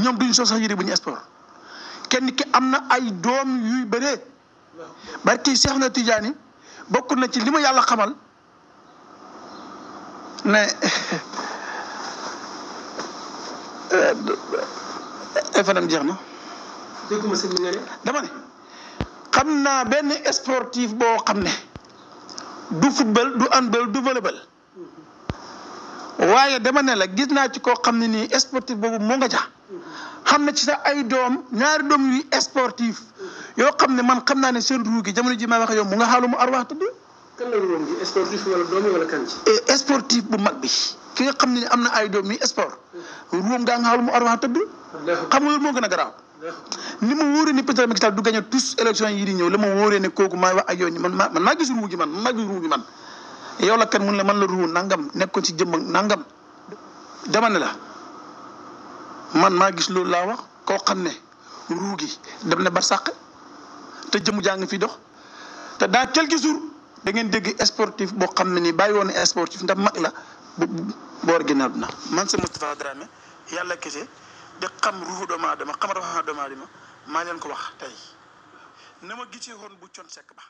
ñoom duñ sol sax yére bu ñu sport kenn ki am na ay doom yuy bëree barki Seex na Tijaani bokk na ci li ma yàlla xamal ne eh, FNM jeex na. dégguma sëñ bi dama ne xam naa benn sportif boo xam ne du football du handball du volleyball mm-hmm. waaye dama ne la gis naa ci koo xam ne nii sportif boobu moo nga ja xam na ci sa ay doom ñaari doom yuy sportif yoo xam ne man xam naa ne seen ruu gi jamono ji may wax yow mu nga xaalu mu arwaax tëdd. kan eh, bu mag ki nga xam ne am na ay doom yu sport ruum gaa nga xaalu mu arwaax xam nga loolu moo gën a garaaw. ni mu wóoree ni Peter Macky Sall du gagné tous élection yi di ñëw la ma wóoree ne kooku may wax ak yow man maa man maa gis ruu gi man man maa gis ruu man yow la kan mun la man la ruu nangam nekkoon ci jëmm nangam dama ne la. man maa gis loolu laa wax koo xam ne ruu gi dem na barsàq te jëmu jàng fi dox te daa quelques jours da ngeen dégg sportif boo xam ne nii bàyyi woon sportif ndax mag la bu boor ginnaaw na man sa Moustapha Dramé yàlla kese di xam ruufu doomu aadama xam rawatina doomu aadama maa leen ko wax tey na ma gisee woon bu con sekk ba